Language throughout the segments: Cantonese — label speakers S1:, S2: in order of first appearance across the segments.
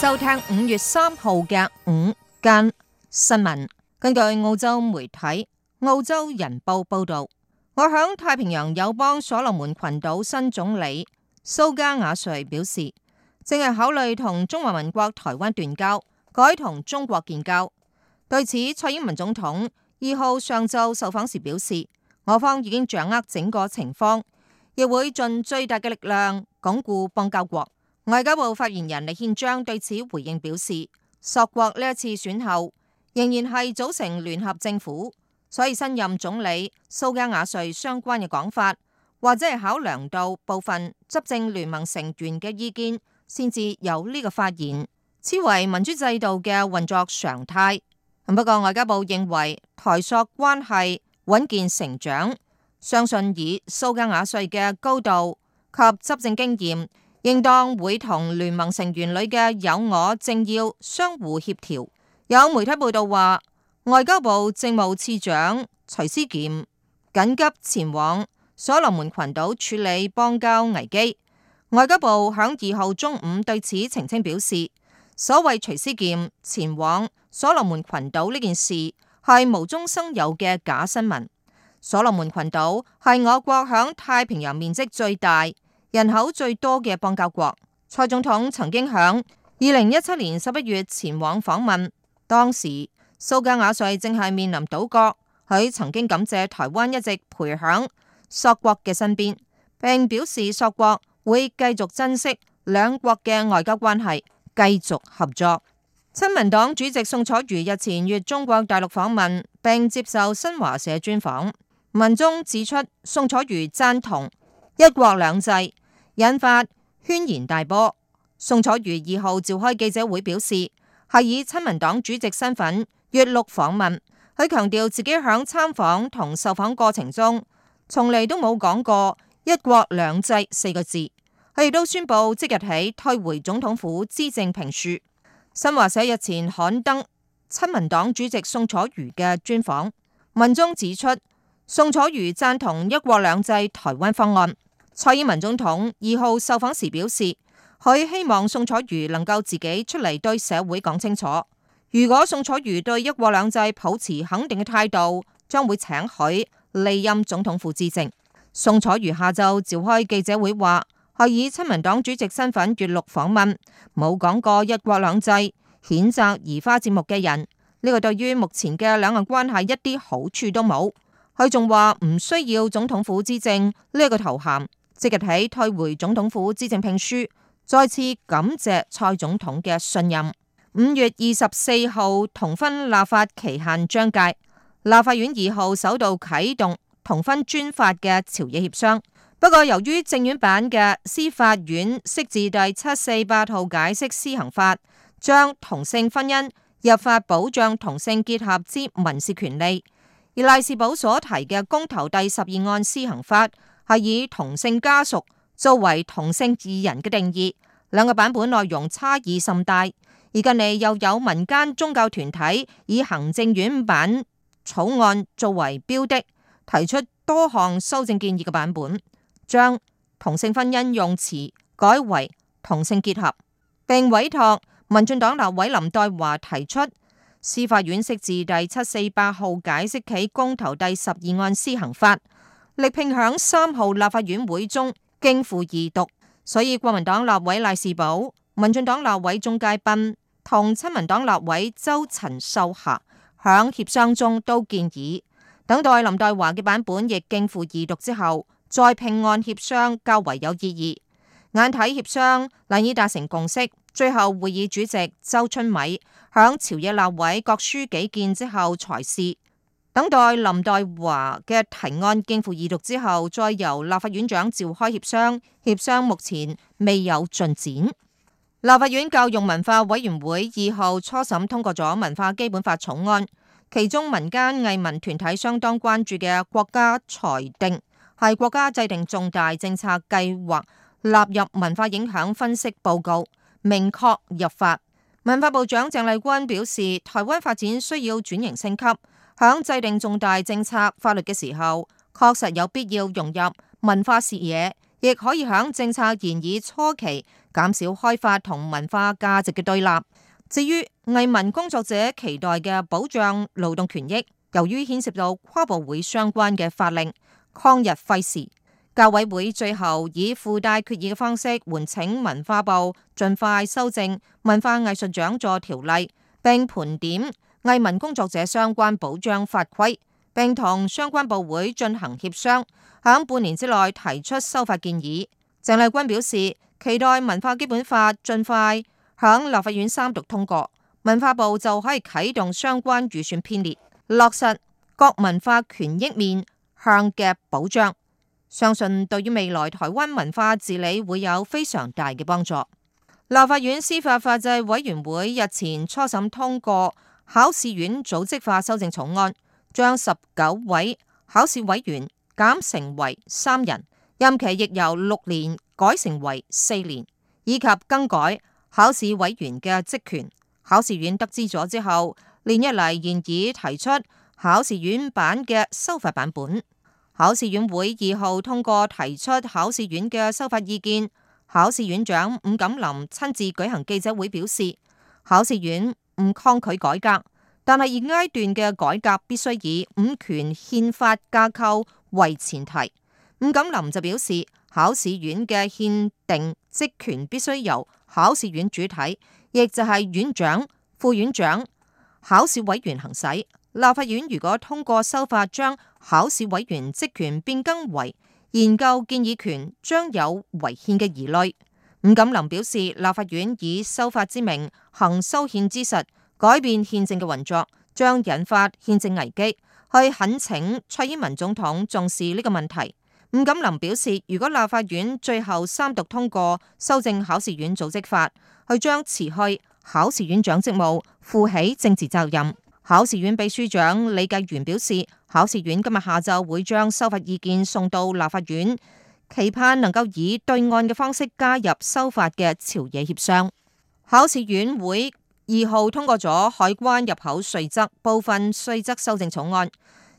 S1: 收聽五月三號嘅五間新聞。根據澳洲媒體《澳洲人報》報道，我向太平洋友邦所羅門群島新總理蘇加瓦瑞表示，正係考慮同中華民國台灣斷交，改同中國建交。對此，蔡英文總統二號上晝受訪時表示，我方已經掌握整個情況，亦會盡最大嘅力量鞏固邦交國。外交部發言人李憲章對此回應表示：索國呢一次選後仍然係組成聯合政府，所以新任總理蘇加瓦瑞相關嘅講法，或者係考量到部分執政聯盟成員嘅意見，先至有呢個發言。此為民主制度嘅運作常態。不過外交部認為台索關係穩健成長，相信以蘇加瓦瑞嘅高度及執政經驗。應當會同聯盟成員裏嘅有我政要相互協調。有媒體報道話，外交部政務次長徐斯儉緊急前往所羅門群島處理邦交危機。外交部響二號中午對此澄清表示，所謂徐斯儉前往所羅門群島呢件事係無中生有嘅假新聞。所羅門群島係我國響太平洋面積最大，人口最多嘅邦交國，蔡總統曾經響二零一七年十一月前往訪問，當時蘇嘉瓦瑞正係面臨倒國，佢曾經感謝台灣一直陪響索國嘅身邊，並表示索國會繼續珍惜兩國嘅外交關係，繼續合作。親民黨主席宋楚瑜日前越中國大陸訪問，並接受新華社專訪，文中指出宋楚瑜贊同一國兩制。引發軒然大波。宋楚瑜二號召開記者會，表示係以親民黨主席身份越陸訪問。佢強調自己喺參訪同受訪過程中，從嚟都冇講過一國兩制四個字。佢亦都宣布即日起退回總統府資政評述。新華社日前刊登親民黨主席宋楚瑜嘅專訪，文中指出宋楚瑜贊同一國兩制台灣方案。蔡英文總統二號受訪時表示，佢希望宋楚瑜能夠自己出嚟對社會講清楚。如果宋楚瑜對一國兩制抱持肯定嘅態度，將會請佢離任總統府資政。宋楚瑜下晝召開記者會話，佢以親民黨主席身份越陸訪問，冇講過一國兩制，譴責移花節目嘅人。呢、這個對於目前嘅兩岸關係一啲好處都冇。佢仲話唔需要總統府資政呢一、這個頭銜。即日起退回總統府資政聘書，再次感謝蔡總統嘅信任。五月二十四號同婚立法期限將屆，立法院二號首度啟動同婚專法嘅朝野協商。不過，由於政院版嘅司法院釋字第七四八號解釋施行法，將同性婚姻入法保障同性結合之民事權利，而賴士寶所提嘅公投第十二案施行法。係以同性家屬作為同性二人嘅定義，兩個版本內容差異甚大。而近嚟又有民間宗教團體以行政院版草案作為標的，提出多項修正建議嘅版本，將同性婚姻用詞改為同性結合，並委託民進黨立委林岱樺提出司法院釋字第七四八號解釋起公投第十二案施行法。力拼響三號立法院會中逕付二讀，所以國民黨立委賴士葆、民進黨立委鍾佳濱同親民黨立委周陳秀霞響協商中都建議等待林岱樺嘅版本亦逕付二讀之後再併案協商較為有意義。眼睇協商難以達成共識，最後會議主席周春米響朝野立委各抒己見之後裁示。等待林代華嘅提案經付二讀之後，再由立法院長召開協商。協商目前未有進展。立法院教育文化委員會二號初審通過咗《文化基本法》草案，其中民間藝文團體相當關注嘅國家裁定係國家制定重大政策計劃納入文化影響分析報告，明確入法。文化部長鄭麗君表示，台灣發展需要轉型升級。喺制定重大政策法律嘅時候，確實有必要融入文化視野，亦可以響政策研議初期減少開發同文化價值嘅對立。至於藝文工作者期待嘅保障勞動權益，由於牽涉到跨部會相關嘅法令，曠日費時，教委會最後以附帶決議嘅方式，援請文化部盡快修正文化藝術獎助條例，並盤點。藝文工作者相關保障法規，並同相關部會進行協商，喺半年之內提出修法建議。鄭麗君表示，期待文化基本法盡快響立法院三讀通過，文化部就可以啟動相關預算編列，落實各文化權益面向嘅保障，相信對於未來台灣文化治理會有非常大嘅幫助。立法院司法法制委員會日前初審通過。考試院組織化修正草案，將十九位考試委員減成為三人，任期亦由六年改成為四年，以及更改考試委員嘅職權。考試院得知咗之後，連日嚟現已提出考試院版嘅修法版本。考試院會二號通過提出考試院嘅修法意見。考試院長伍錦霖親自舉行記者會表示，考試院。唔抗拒改革，但係現階段嘅改革必須以五權憲法架構為前提。伍錦霖就表示，考試院嘅憲定職權必須由考試院主體，亦就係院長、副院長、考試委員行使。立法院如果通過修法將考試委員職權變更為研究建議權，將有違憲嘅疑慮。伍錦霖表示，立法院以修法之名行修憲之實，改變憲政嘅運作，將引發憲政危機。去懇請蔡英文總統重視呢個問題。伍錦霖表示，如果立法院最後三讀通過修正考試院組織法，佢將辭去考試院長職務，負起政治責任。考試院祕書長李繼元表示，考試院今日下晝會將修法意見送到立法院。期盼能夠以對岸嘅方式加入修法嘅朝野協商。考試院會二號通過咗海關入口稅則部分稅則修正草案，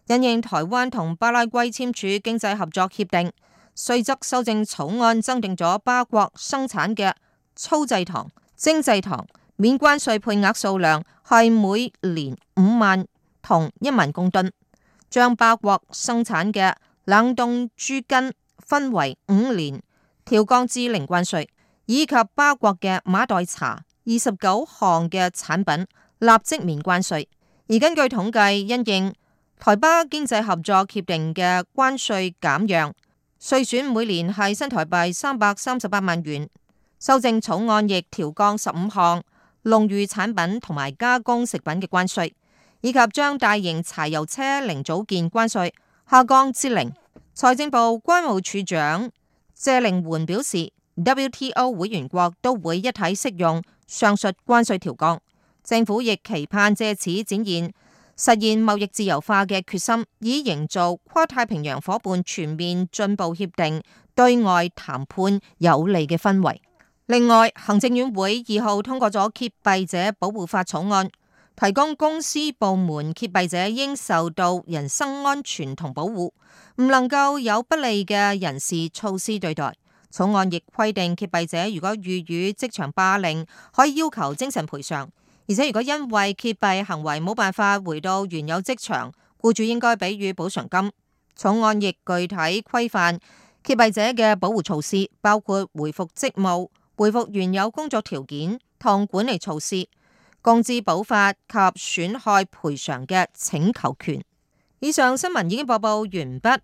S1: 因應台灣同巴拉圭簽署經濟合作協定，稅則修正草案增訂咗巴國生產嘅粗製糖、精製糖免關稅配額數量係每年五萬同一萬公噸，將巴國生產嘅冷凍豬筋分為五年調降至零關稅，以及巴國嘅馬黛茶二十九項嘅產品立即免關稅。而根據統計，因應台巴經濟合作協定嘅關稅減讓，稅損每年係新台幣三百三十八萬元。修正草案亦調降十五項農漁產品同埋加工食品嘅關稅，以及將大型柴油車零組件關稅下降至零。財政部關務署長謝鈴媛表示，WTO 會員國都會一體適用上述關稅調降。政府亦期盼借此展現實現貿易自由化嘅決心，以營造跨太平洋夥伴全面進步協定對外談判有利嘅氛圍。另外，行政院會二號通過咗揭弊者保護法草案。提供公司部門揭弊者應受到人身安全同保護，唔能夠有不利嘅人事措施對待。草案亦規定，揭弊者如果遇遇職場霸凌，可以要求精神賠償。而且如果因為揭弊行為冇辦法回到原有職場，雇主應該給予補償金。草案亦具體規範揭弊者嘅保護措施，包括回復職務、回復原有工作條件、同管理措施。工資補發及損害賠償嘅請求權。以上新聞已經播報完畢。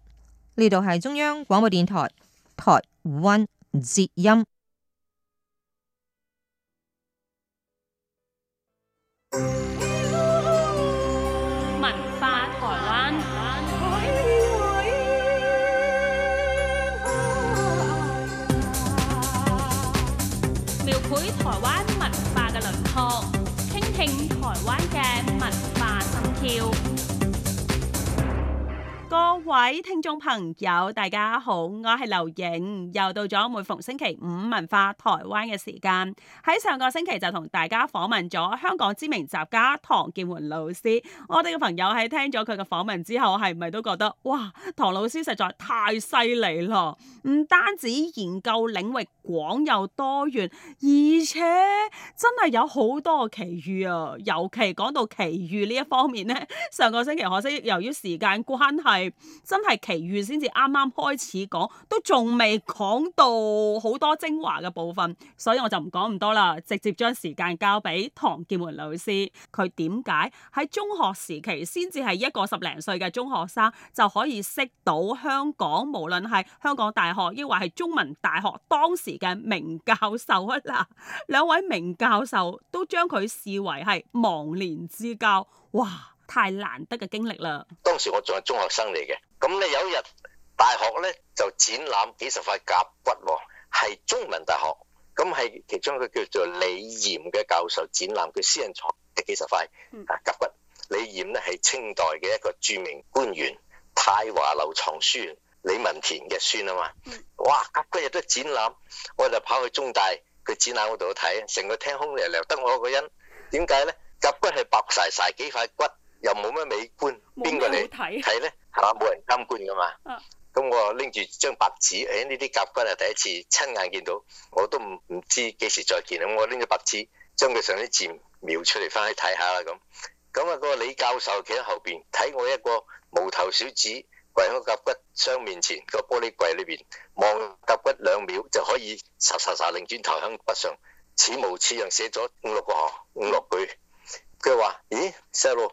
S1: 呢度係中央廣播電台，台灣節音。
S2: 各位聽眾朋友，大家好，我係劉影，又到咗每逢星期五文化台灣嘅時間。喺上個星期就同大家訪問咗香港知名作家唐建雲老師。我哋嘅朋友喺聽咗佢嘅訪問之後，係唔係都覺得，哇，唐老師實在太犀利咯，唔單止研究領域廣又多元，而且真係有好多奇遇啊！尤其講到奇遇呢一方面咧，上個星期可惜由於時間關係。真係奇遇先至啱啱開始講，都仲未講到好多精華嘅部分，所以我就唔講咁多啦，直接將時間交俾唐建文老師。佢點解喺中學時期先至係一個十零歲嘅中學生就可以識到香港，無論係香港大學抑或係中文大學當時嘅名教授啊啦，兩位名教授都將佢視為係忘年之交，哇！太難得嘅經歷啦！
S3: 當時我仲係中學生嚟嘅，咁咧，有一日大學咧就展覽幾十塊甲骨喎、哦，係中文大學，咁係其中一個叫做李炎嘅教授展覽佢私人藏嘅幾十塊甲骨。嗯、李炎咧係清代嘅一個著名官員，泰華樓藏書李文田嘅孫啊嘛。哇！甲骨亦都展覽，我就跑去中大佢展覽嗰度睇，成個廳空曬曬，得我一個人。點解咧？甲骨係白晒晒幾塊骨。又冇咩美觀，邊個嚟睇咧？係嘛，冇人監觀噶嘛。咁、啊、我拎住張白紙，誒呢啲甲骨啊，第一次親眼見到，我都唔唔知幾時再見啦。我拎咗白紙，將佢上啲字描出嚟，翻去睇下啦咁。咁啊，個李教授企喺後邊睇我一個無頭小子跪喺個甲骨箱面前、個玻璃櫃裏邊望甲骨兩秒就可以唰唰唰，擰轉頭響筆上似模似樣寫咗五六個行五六句。佢話：咦，細路。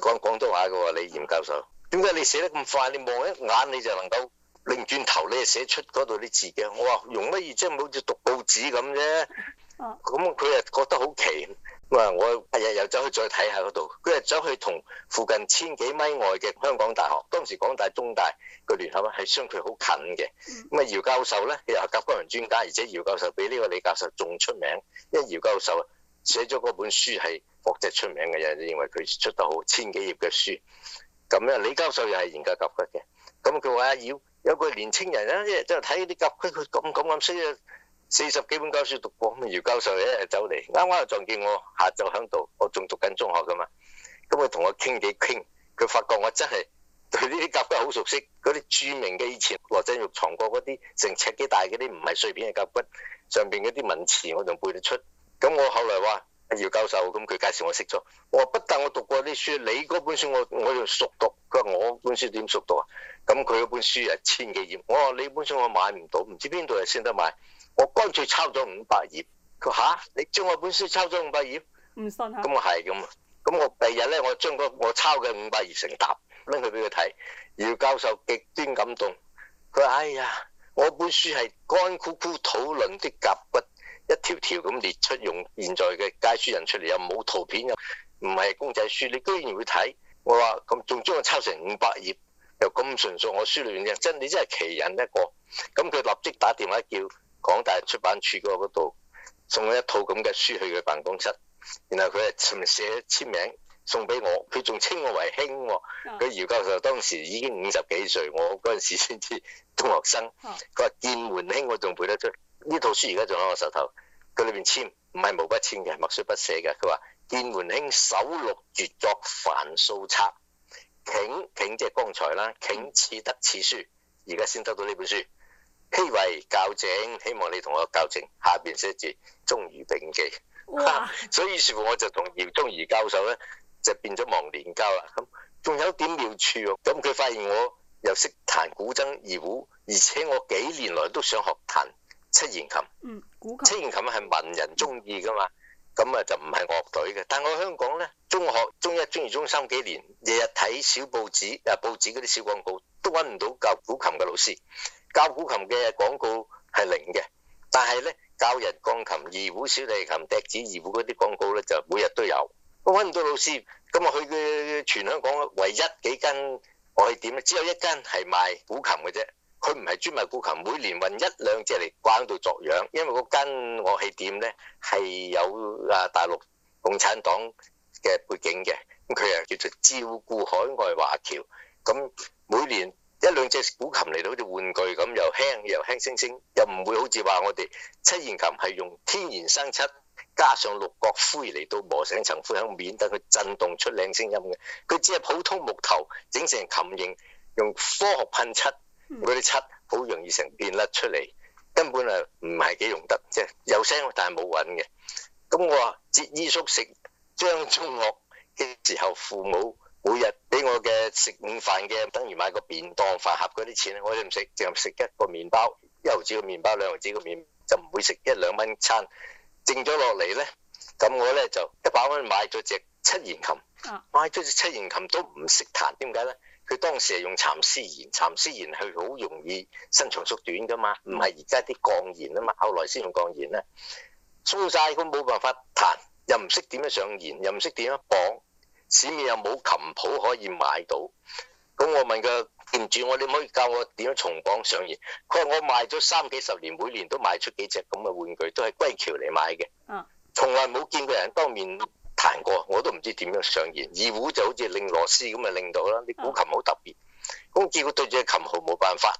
S3: 佢講廣東話嘅喎，李嚴教授。點解你寫得咁快？你望一眼你就能夠，擰轉頭你就寫出嗰度啲字嘅。我話用乜嘢啫？好似讀報紙咁啫。哦。咁佢又覺得好奇。咁啊，我日日又走去再睇下嗰度。佢又走去同附近千幾米外嘅香港大學，當時港大、中大個聯合係相距好近嘅。咁、嗯、啊，姚教授咧又係甲骨文專家，而且姚教授比呢個李教授仲出名，因為姚教授寫咗嗰本書係。郭只出名嘅，人認為佢出得好，千幾頁嘅書咁啊！李教授又係研究甲骨嘅，咁佢話：阿姚，有個年青人咧，即係睇啲甲骨佢咁咁咁識啊，四十幾本教書讀過咁。姚教授一日走嚟，啱啱又撞見我，下晝喺度，我仲讀緊中學噶嘛。咁佢同我傾幾傾，佢發覺我真係對呢啲甲骨好熟悉，嗰啲著名嘅以前羅振玉藏過嗰啲成尺幾大嗰啲唔係碎片嘅甲骨，上邊嗰啲文字我仲背得出。咁我後來話。姚教授咁，佢介紹我識咗。我話不但我讀過啲書，你嗰本書我我仲熟讀。佢話我本書點熟讀啊？咁佢嗰本書啊，千幾頁，我話你本書我買唔到，唔知邊度先得買。我乾脆抄咗五百頁。佢話吓，你將我本書抄咗五百頁？唔信啊。咁我係咁啊。咁我第二日咧，我將我抄嘅五百頁成沓拎去俾佢睇。姚教授極端感動，佢話：哎呀，我本書係乾枯枯討論的甲骨。一條條咁列出用現在嘅街書人出嚟，又冇圖片，又唔係公仔書，你居然會睇？我話咁仲將我抄成五百頁，又咁純熟，我書裏面嘅，你真的你真係奇人一個。咁佢立即打電話叫港大出版社嗰度送咗一套咁嘅書去佢辦公室，然後佢啊仲寫簽名送俾我，佢仲稱我為兄。佢姚教授當時已經五十幾歲，我嗰陣時先知中學生。佢話見門兄，我仲背得出。呢套書而家仲喺我手頭，佢裏面簽唔係毛筆簽嘅，墨水筆寫嘅。佢話：建門兄手錄絕作凡數冊，頃頃即係剛才啦，頃次得此書。而家先得到呢本書，希為校正，希望你同我校正下邊寫字。宗頤並記哇，所以於是乎我就同饒宗頤教授咧就變咗忘年交啦。咁仲有點妙處喎，咁佢發現我又識彈古箏二胡，而且我幾年來都想學彈。七弦琴，嗯，古琴七弦琴係文人中意噶嘛，咁啊就唔係樂隊嘅。但我香港咧，中學中一、中二、中三幾年，日日睇小報紙，啊報紙嗰啲小廣告，都揾唔到教古琴嘅老師。教古琴嘅廣告係零嘅，但係咧，教人鋼琴、二胡、小提琴、笛子、二胡嗰啲廣告咧，就每日都有。我揾唔到老師，咁啊去嘅全香港唯一幾間外店咧，只有一間係賣古琴嘅啫。佢唔係專賣古琴，每年運一兩隻嚟掛到作樣，因為嗰間樂器店呢係有啊大陸共產黨嘅背景嘅，咁佢啊叫做照顧海外華僑，咁每年一兩隻古琴嚟到好似玩具咁，又輕又輕聲聲，又唔會好似話我哋七弦琴係用天然生漆加上六角灰嚟到磨成層灰喺面，等佢震動出靚聲音嘅，佢只係普通木頭整成琴形，用科學噴漆。嗰啲漆好容易成片甩出嚟，根本係唔係幾用得，即係有聲但係冇韻嘅。咁我話節衣縮食，將中學嘅時候父母每日俾我嘅食午飯嘅，等於買個便當飯盒嗰啲錢，我哋唔食，淨係食一個麵包，一毫子個麵包，兩毫子個麵就唔會食一兩蚊餐，剩咗落嚟咧，咁我咧就一百蚊買咗隻七弦琴，買咗隻七弦琴都唔識彈，點解咧？佢當時係用蠶絲弦，蠶絲弦係好容易伸長縮短㗎嘛，唔係而家啲鋼弦啊嘛，後來先用鋼弦啦。粗晒都冇辦法彈，又唔識點樣上弦，又唔識點樣綁，市面又冇琴譜可以買到。咁我問個店主：我你可唔可以教我點樣重綁上弦？佢話我賣咗三幾十年，每年都賣出幾隻咁嘅玩具，都係歸橋嚟買嘅，嗯，從來冇見過人當面。彈過我都唔知點樣上演。二胡就好似擰螺絲咁，啊擰到啦，啲古琴好特別，咁結果對住琴號冇辦法，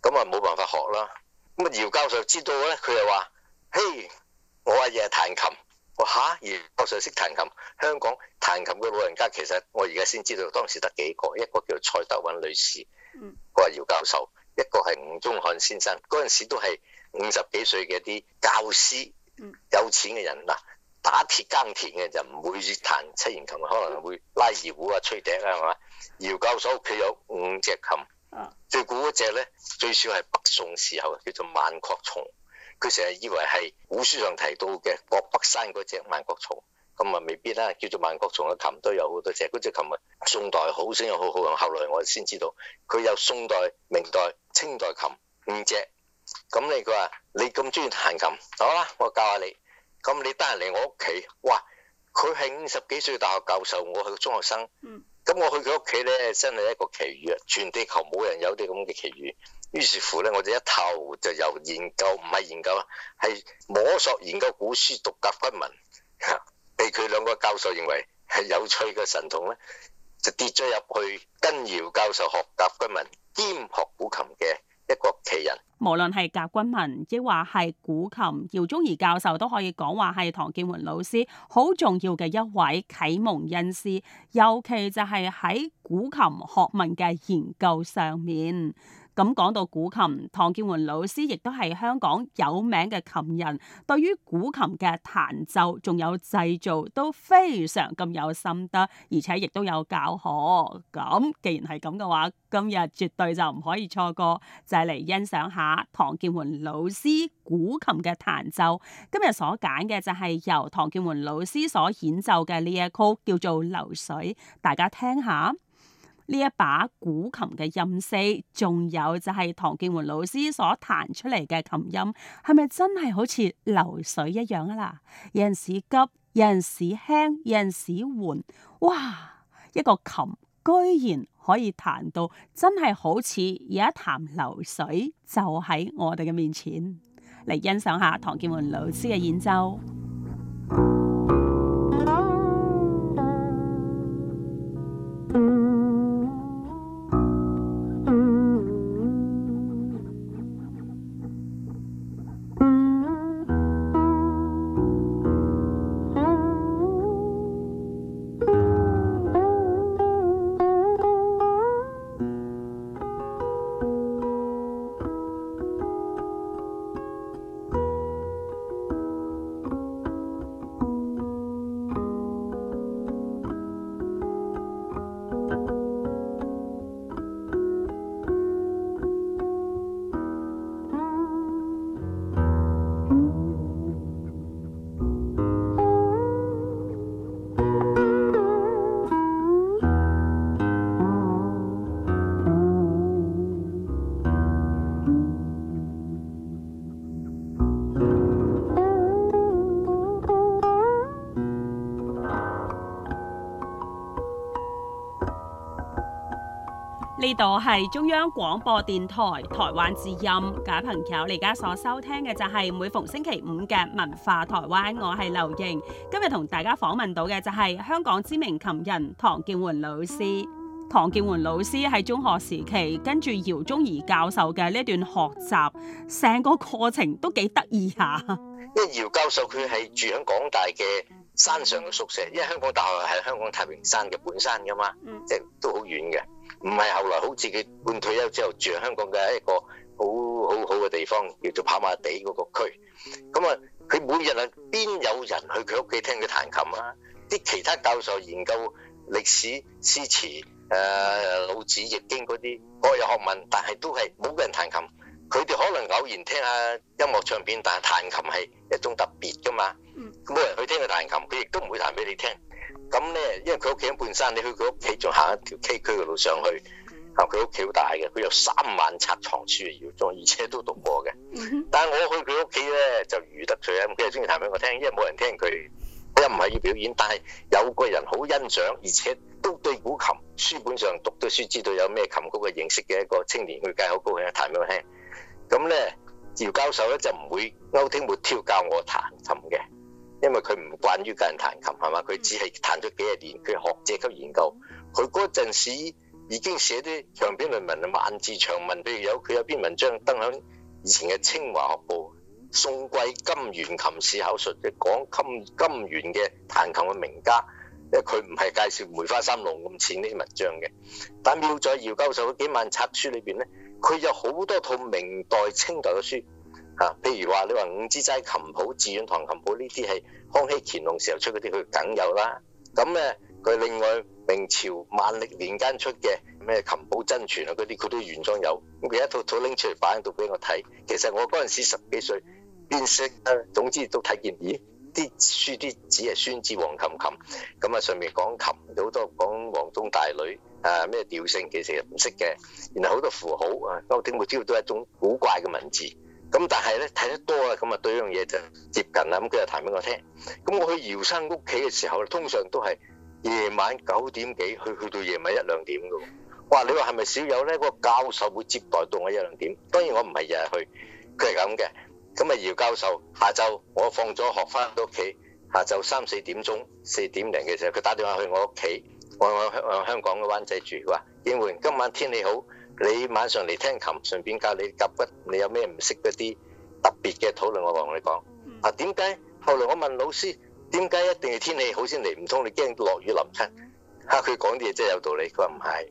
S3: 咁啊冇辦法學啦。咁啊，姚教授知道咧，佢就話：嘿、hey，我阿爺彈琴，我嚇，姚教授識彈琴。香港彈琴嘅老人家其實我而家先知道，當時得幾個，一個叫蔡德允女士，個係姚教授，一個係吳宗漢先生。嗰陣時都係五十幾歲嘅啲教師，有錢嘅人嗱、啊。打鐵耕田嘅就唔會彈七弦琴，可能會拉二胡啊、吹笛啊，係嘛？姚教授屋企有五隻琴，啊、最古嗰隻咧最少係北宋時候，叫做萬壑松，佢成日以為係古書上提到嘅國北山嗰隻萬壑松，咁啊未必啦。叫做萬壑松嘅琴都有好多隻，嗰隻琴啊，宋代好聲又好好，後來我先知道佢有宋代、明代、清代琴五隻。咁你佢話你咁中意彈琴，好啦，我教下你。咁你得閒嚟我屋企，哇！佢係五十幾歲大學教授，我係個中學生。嗯。咁我去佢屋企咧，真係一個奇遇啊！全地球冇人有啲咁嘅奇遇。於是乎咧，我哋一頭就由研究唔係研究，係摸索研究古書讀甲骨文， 被佢兩個教授認為係有趣嘅神童咧，就跌咗入去跟姚教授學甲骨文兼學古琴嘅。
S2: 一個奇人，無論係賈君文，亦或係古琴，姚宗儀教授都可以講話係唐建煥老師好重要嘅一位啟蒙恩師，尤其就係喺古琴學問嘅研究上面。咁講到古琴，唐建宏老師亦都係香港有名嘅琴人，對於古琴嘅彈奏仲有製造都非常咁有心得，而且亦都有教學。咁既然係咁嘅話，今日絕對就唔可以錯過，就係嚟欣賞下唐建宏老師古琴嘅彈奏。今日所揀嘅就係由唐建宏老師所演奏嘅呢一曲叫做《流水》，大家聽下。呢一把古琴嘅音色，仲有就係唐建文老師所彈出嚟嘅琴音，係咪真係好似流水一樣啊？嗱，有陣時急，有陣時輕，有陣時緩，哇！一個琴居然可以彈到真係好似有一潭流水就喺我哋嘅面前，嚟欣賞下唐建文老師嘅演奏。呢度係中央廣播電台台灣之音嘅朋友，你而家所收聽嘅就係每逢星期五嘅文化台灣，我係劉瑩。今日同大家訪問到嘅就係香港知名琴人唐健垣老師。唐健垣老師喺中學時期跟住饒宗頤教授嘅呢一段學習，成個過程都幾得意下。
S3: 因為饒教授佢係住喺港大嘅山上嘅宿舍，因為香港大學係香港太平山嘅本山㗎嘛，即係都好遠嘅。唔係後來好似佢半退休之後住喺香港嘅一個好好好嘅地方，叫做跑馬地嗰個區。咁啊，佢每日啊，邊有人去佢屋企聽佢彈琴啊？啲其他教授研究歷史詩詞，誒老子易經嗰啲各有學問，但係都係冇個人彈琴。佢哋可能偶然聽下音樂唱片，但係彈琴係一種特別㗎嘛。嗯，冇人去聽佢彈琴，佢亦都唔會彈俾你聽。咁咧，因為佢屋企喺半山，你去佢屋企仲行一條崎嶇嘅路上去。啊、mm -hmm.，佢屋企好大嘅，佢有三萬冊藏書要裝，而且都讀過嘅。Mm -hmm. 但係我去佢屋企咧就如得趣啊，佢又中意彈俾我聽，因為冇人聽佢，又唔係要表演，但係有個人好欣賞，而且都對古琴書本上讀到書，知道有咩琴曲嘅認識嘅一個青年，佢梗係好高興彈俾我聽。咁咧，姚教授咧就唔會勾天沫挑教我彈琴嘅。因為佢唔慣於教人彈琴，係嘛？佢只係彈咗幾十年，佢學者級研究。佢嗰陣時已經寫啲長篇論文啊、萬字長文。譬如有佢有一篇文章登響以前嘅《清華學報》，《宋季金元琴史考述》，就講金金元嘅彈琴嘅名家。因為佢唔係介紹梅花三弄咁淺啲文章嘅。但妙在姚教授嗰幾萬冊書裏邊咧，佢有好多套明代、清代嘅書。啊，譬如話你話五知齋琴譜、自遠堂琴譜呢啲係康熙乾隆時候出嗰啲，佢梗有啦。咁誒，佢另外明朝萬歷年間出嘅咩琴譜真傳啊嗰啲，佢都原裝有。咁佢一套一套拎出嚟擺喺度俾我睇。其實我嗰陣時十幾歲，邊識啊？總之都睇見，咦啲書啲紙係宣紙、黃琴琴咁啊，上面講琴好多講黃鍾大呂，啊咩調性，其實又唔識嘅。然後好多符號啊，我點會知道都係一種古怪嘅文字？咁但係咧，睇得多啦，咁啊對呢樣嘢就接近啦。咁佢就彈俾我聽。咁我去姚生屋企嘅時候，通常都係夜晚九點幾去，去到夜晚一兩點嘅。哇！你話係咪少有呢，個教授會接待到我一兩點？當然我唔係日日去，佢係咁嘅。咁啊姚教授，下晝我放咗學翻到屋企，下晝三四點鐘，四點零嘅時候，佢打電話去我屋企，我我香香港嘅灣仔住，佢話：英媛今晚天氣好。你晚上嚟聽琴，順便教你夾骨。你有咩唔識嗰啲特別嘅討論，我同你講。啊，點解後來我問老師，點解一定要天氣好先嚟？唔通你驚落雨淋親？吓、啊？佢講嘢真係有道理。佢話唔係，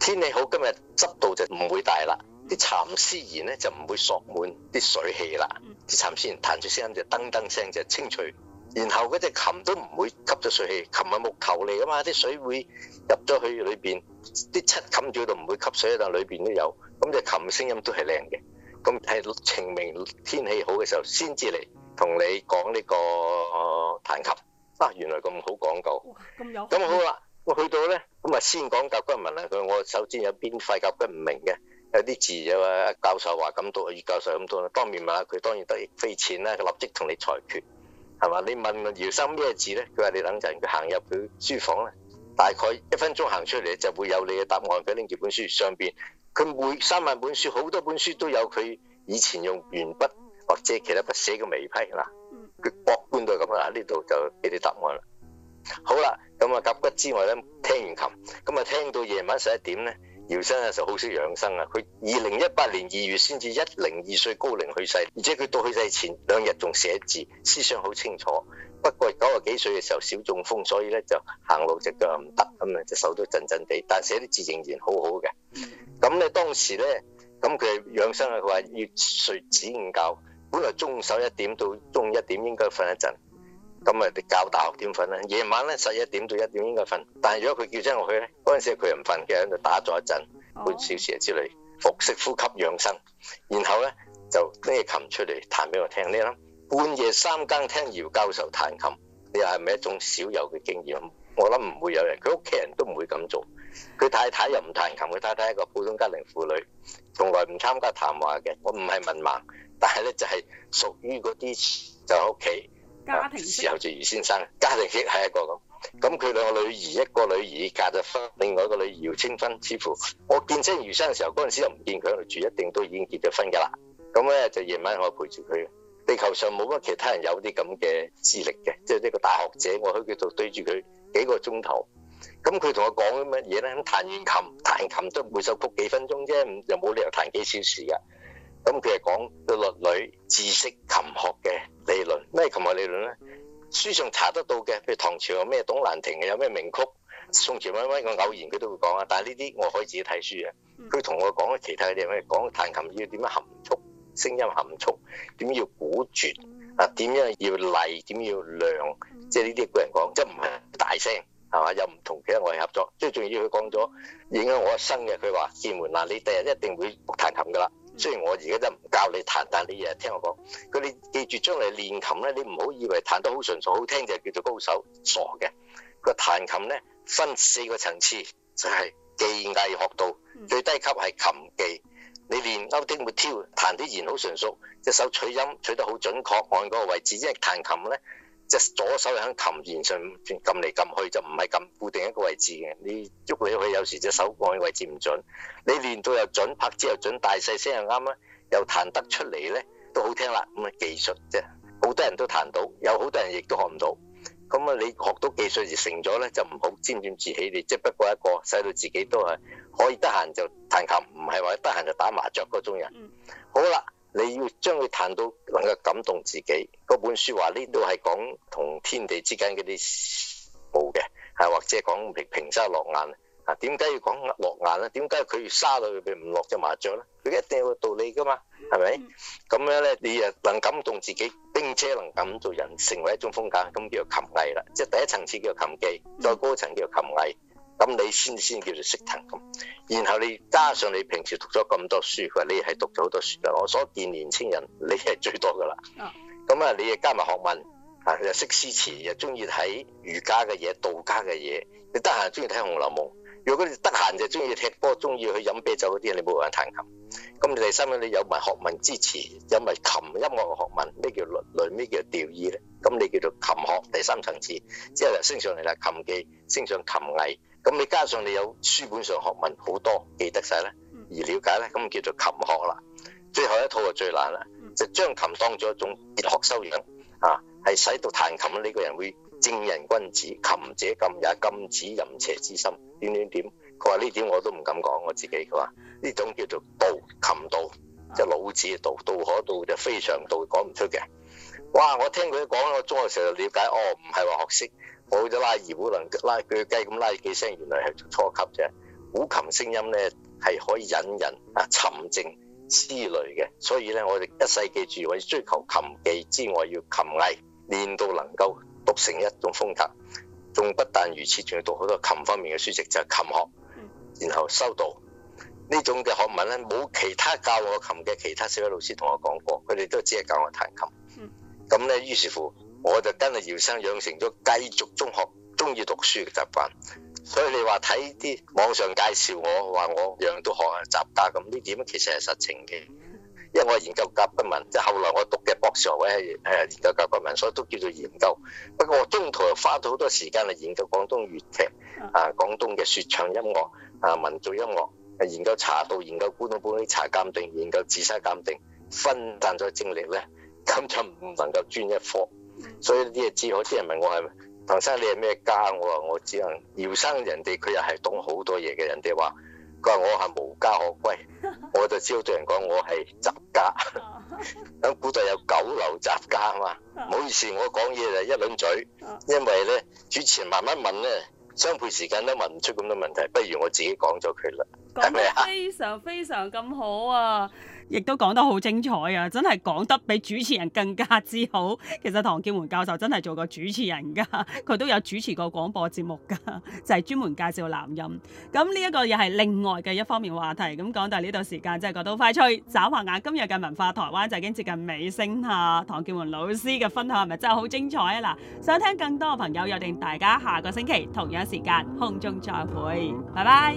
S3: 天氣好，今日濕度就唔會大啦，啲蠶絲弦咧就唔會索滿啲水氣啦，啲蠶絲弦彈出聲就噔噔聲就清脆。然後嗰隻琴都唔會吸咗水氣，琴係木頭嚟噶嘛，啲水會入咗去裏邊，啲漆冚住都唔會吸水，但係裏邊都有，咁隻琴聲音都係靚嘅。咁係晴明天氣好嘅時候先至嚟同你講呢個彈琴。啊，原來咁好講究，
S4: 咁好啦。
S3: 我去到呢，咁啊先講教軍文啊，佢話我首先有邊塊教軍唔明嘅，有啲字有、就、嘛、是。教授話咁多，葉教授咁多，當面問下佢，佢當然得益非淺啦。佢立即同你裁決。係嘛？你問問姚生咩字咧？佢話你等陣，佢行入佢書房咧，大概一分鐘行出嚟就會有你嘅答案。佢拎住本書上邊，佢每三萬本書好多本書都有佢以前用鉛筆或者其他筆寫嘅眉批啦。佢博觀到係咁啊！呢、嗯、度就俾啲答案啦。好啦，咁啊甲骨之外咧，聽完琴，咁、嗯、啊聽到夜晚十一點咧。姚生嘅時候好識養生啊！佢二零一八年二月先至一零二歲高齡去世，而且佢到去世前兩日仲寫字，思想好清楚。不過九十幾歲嘅時候小中風，所以咧就行路隻腳唔得咁啊，隻手都震震地，但寫啲字仍然好好嘅。咁咧當時咧，咁佢養生啊，佢話要睡子午覺，本來中午十一點到中午一點應該瞓一陣。咁你教大學點瞓咧？夜晚咧十一點到一點應該瞓，但係如果佢叫親我去咧，嗰陣時佢又唔瞓，嘅，就打咗一陣半小時之類，腹式呼吸養生，然後咧就拎隻琴出嚟彈俾我聽。你諗半夜三更聽姚教授彈琴，你係咪一種少有嘅經驗？我諗唔會有人，佢屋企人都唔會咁做。佢太太又唔彈琴，琴，佢太太一個普通家庭婦女，從來唔參加談話嘅。我唔係文盲，但係咧就係、是、屬於嗰啲就喺屋企。家庭時候就余先生，家庭嘅係一個咁，咁佢兩個女兒，一個女兒嫁咗婚，另外一個女兒未婚。似乎我見親余生嘅時候，嗰陣時候又唔見佢喺度住，一定都已經結咗婚㗎啦。咁咧就夜晚我陪住佢，地球上冇乜其他人有啲咁嘅資歷嘅，即係一個大學者，我喺佢度對住佢幾個鐘頭。咁佢同我講乜嘢咧？彈完琴，彈琴都每首曲幾分鐘啫，又冇理由彈幾小時㗎。咁佢係講嘅律理、知識、琴學嘅理論。咩琴學理論咧？書上查得到嘅，譬如唐朝有咩董蘭亭嘅，有咩名曲。宋朝乜乜，我偶然佢都會講啊。但係呢啲我可以自己睇書嘅。佢同我講其他嘅嘢，咩講彈琴要點樣含蓄，聲音含蓄，點要古絕啊，點樣要嚟，點要量，即係呢啲個人講，即係唔係大聲係嘛？又唔同其他我哋合作。最重要佢講咗影響我一生嘅，佢話：見門嗱，你第日一定會彈琴㗎啦！雖然我而家都唔教你彈，但你日日聽我講，佢你記住將來練琴咧，你唔好以為彈得好純熟好聽就係叫做高手，傻嘅。個彈琴咧，分四個層次，就係技藝學到，最低級係琴技。你練歐丁沒挑，彈啲弦好純熟，隻手取音取得好準確，按嗰個位置，即係彈琴咧。即係左手喺琴弦上撳嚟撳去就唔係咁固定一個位置嘅，你喐嚟喐去有時隻手按嘅位置唔準，你練到又準拍子又準，大細聲又啱啦，又彈得出嚟咧都好聽啦。咁啊技術啫，好多人都彈到，有好多人亦都學唔到。咁啊你學到技術而成咗咧，就唔好沾沾自喜你即係不過一個，使到自己都係可以得閒就彈琴，唔係話得閒就打麻雀嗰種人。好啦。你要將佢彈到能夠感動自己，嗰本書話呢度係講同天地之間嗰啲冇嘅，啊或者係講平沙落雁。啊，點解要講落雁，咧？點解佢沙到佢唔落隻麻雀咧？佢一定有個道理噶嘛，係咪？咁樣咧，你又能感動自己，冰車能感動人，成為一種風格，咁叫做琴藝啦，即係第一層次叫做琴技，再高一層叫做琴藝。咁你先先叫做識彈琴，然後你加上你平時讀咗咁多書，佢話你係讀咗好多書啦。我所見年輕人你係最多㗎喇。咁啊，你又加埋學問，啊又識詩詞，又中意睇儒家嘅嘢、道家嘅嘢，你得閒中意睇《紅樓夢》。如果你得閒就中意踢波、中意去飲啤酒嗰啲，你冇人彈琴。咁你第三個你有埋學問支持，有埋琴音樂嘅學問，咩叫律呂？咩叫調意咧？咁你叫做琴學第三層次，之後就是，升上嚟啦，琴技升上琴藝。咁你加上你有書本上學問，好多記得晒，咧，而了解咧，咁叫做琴學啦。最後一套就最難啦，就將琴當做一種哲學修養啊，係使到彈琴呢個人會正人君子，琴者禁也，禁止淫邪之心。點點點，佢話呢點我都唔敢講我自己。佢話呢種叫做道，琴道即係老子嘅道，道可道就非常道，講唔出嘅。哇！我聽佢講，我中學時候就了解，哦，唔係話學識。我啲拉二胡能拉鋸雞咁拉幾聲，原來係做初級啫。古琴聲音咧係可以引人啊沉靜思慮嘅，所以咧我哋一世記住，我要追求琴技之外，要琴藝，練到能夠獨成一種風格。仲不但如此，仲要讀好多琴方面嘅書籍，就係、是、琴學，然後修道。呢、嗯、種嘅學問咧，冇其他教我琴嘅其他四位老師同我講過，佢哋都只係教我彈琴。咁咧，於是乎。我就跟阿姚生養成咗繼續中學鍾意讀書嘅習慣，所以你話睇啲網上介紹我話我樣都學下雜家咁呢點，其實係實情嘅，因為我研究甲骨文，即係後來我讀嘅博士學位係誒研究甲骨文，所以都叫做研究。不過我中途又花咗好多時間嚟研究廣東粵劇啊、廣東嘅説唱音樂啊、民族音樂，研究茶道、研究古董、古啲茶鑑定、研究紫砂鑑定，分散咗精力咧，咁就唔能夠專一科。所以啲嘢知，好啲人問我係，唐生你係咩家？我話我只能搖身人哋，佢又係懂好多嘢嘅。人哋話，佢話我係無家可歸，我就只好對人講我係雜家。咁 古代有九流雜家嘛？唔好意思，我講嘢就一輪嘴，因為咧主持人慢慢問咧，相配時間都問唔出咁多問題，不如我自己講咗佢啦，係咪啊？
S2: 非常非常咁好啊！亦都講得好精彩啊！真係講得比主持人更加之好。其實唐建文教授真係做過主持人㗎，佢都有主持過廣播節目㗎，就係、是、專門介紹南音。咁呢一個又係另外嘅一方面話題。咁講到呢度時間真係講到快脆，眨下眼今日嘅文化台灣就已經接近尾聲啦。唐建文老師嘅分享係咪真係好精彩啊？嗱，想聽更多嘅朋友約定大家下個星期同樣時間空中再會。拜拜。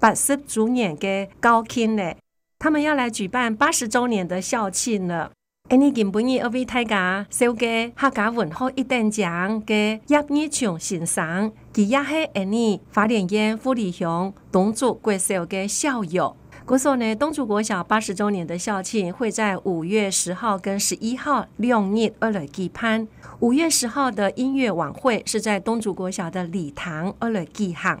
S5: 八十周年嘅高慶呢，他們要來舉辦八十周年的校慶了。Any 金本二位太家收嘅客家文化一等獎嘅熱烈場欣賞，佢也係 any 華蓮煙福利鄉東竹國小校友。呢東竹國小八十周年的校慶會在五月十號跟十一號兩日二來舉辦。五月十號的音樂晚會是在東竹國小的禮堂二來舉行。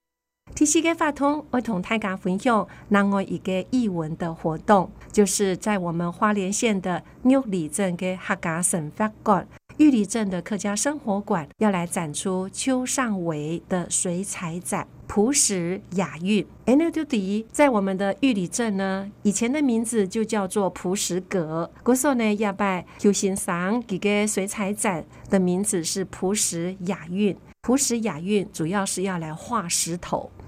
S5: 提起個法通，我同大家分享，那我一個藝文的活動，就是在我們花蓮縣的玉里鎮跟客家生活館，玉里鎮的客家生活館要來展出邱尚偉的水彩展《璞石雅韻》。哎，那到底在我們的玉里鎮呢？以前的名字就叫做璞石閣。嗰時候呢，要拜邱先生，佢嘅水彩展的名字是朴亞運《璞石雅韻》。璞石雅韻主要是要來畫石頭。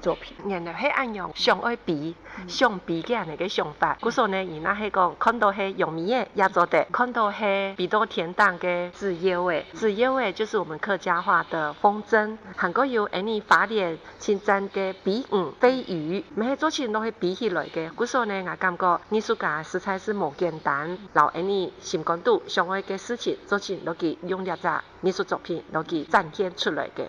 S6: 作品，原來係按用相愛比，相比嘅人嘅想法、嗯嗯。古說呢，伊
S5: 拉係講，看到係用眼也做得，看到係比到天當嘅自由誒，自由誒，就是我們客家話的風箏。韓國有安尼發連，新贊嘅比魚飛魚，每系做起都係比起來嘅。古說呢，我感覺藝術家實在是冇簡單，然後安尼情感度相愛嘅事情，做起都係用力只藝術作品，都係展現出來嘅。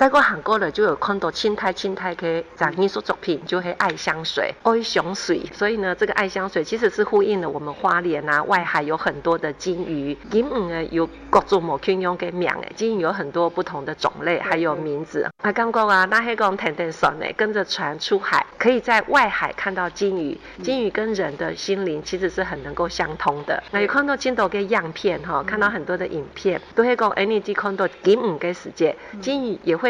S5: 再過韓國的就有看到青苔、青苔嘅攝影作品，嗯、就會愛香水、愛香水。所以呢，這個愛香水其實是呼應了我們花蓮啊外海有很多的鯨魚，鯨魚有各種莫可以用嘅名字，鯨魚有很多不同的種類，還有名字。嗯、啊，剛剛啊，那係講天天爽誒，跟着船出海，可以在外海看到鯨魚。鯨、嗯、魚跟人的心靈其實是很能夠相通的、嗯。那有看到鏡頭嘅樣片哈，看到很多的影片，都是講 energy 看到鯨魚嘅世界，鯨魚也會。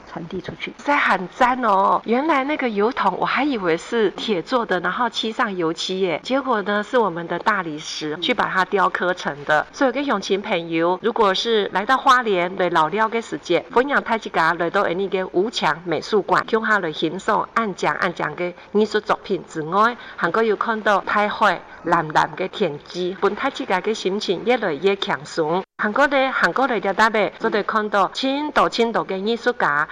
S6: 傳遞出去，真很贊哦！
S5: 原來那個油桶，我還以為是鐵做的，然後漆上油漆耶。結果呢，是我們的大理石去把它雕刻成的。嗯、所以，鄉親朋友，如果是來到花蓮來老廖嘅時間，歡迎太極家來到安尼嘅五強美術館，向下來欣賞安強安強嘅藝術作品之外，還個有看到太海藍藍嘅天際，本太極家的心情越來越輕鬆。還個咧，還個來條大白，就對看到青島青島的藝術家。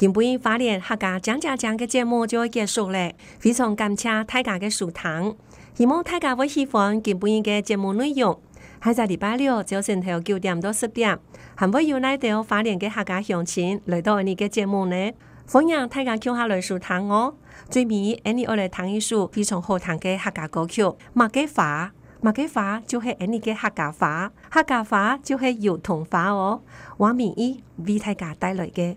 S5: 今不因花蓮客家張家江嘅節目就會結束咧，非常感謝大家嘅收聽。希望大家會喜歡今不因嘅節目內容。還在禮拜六早晨頭九點到十點，還會要來到花蓮嘅客家鄉親來到呢個節目呢，歡迎大家聽、哦、下來收聽哦。最尾，今日我來聽一首非常好聽嘅客家歌曲。客家花。客家花就係？今日嘅客家話，客家話就係油桐花哦。畫面以為大家帶來嘅。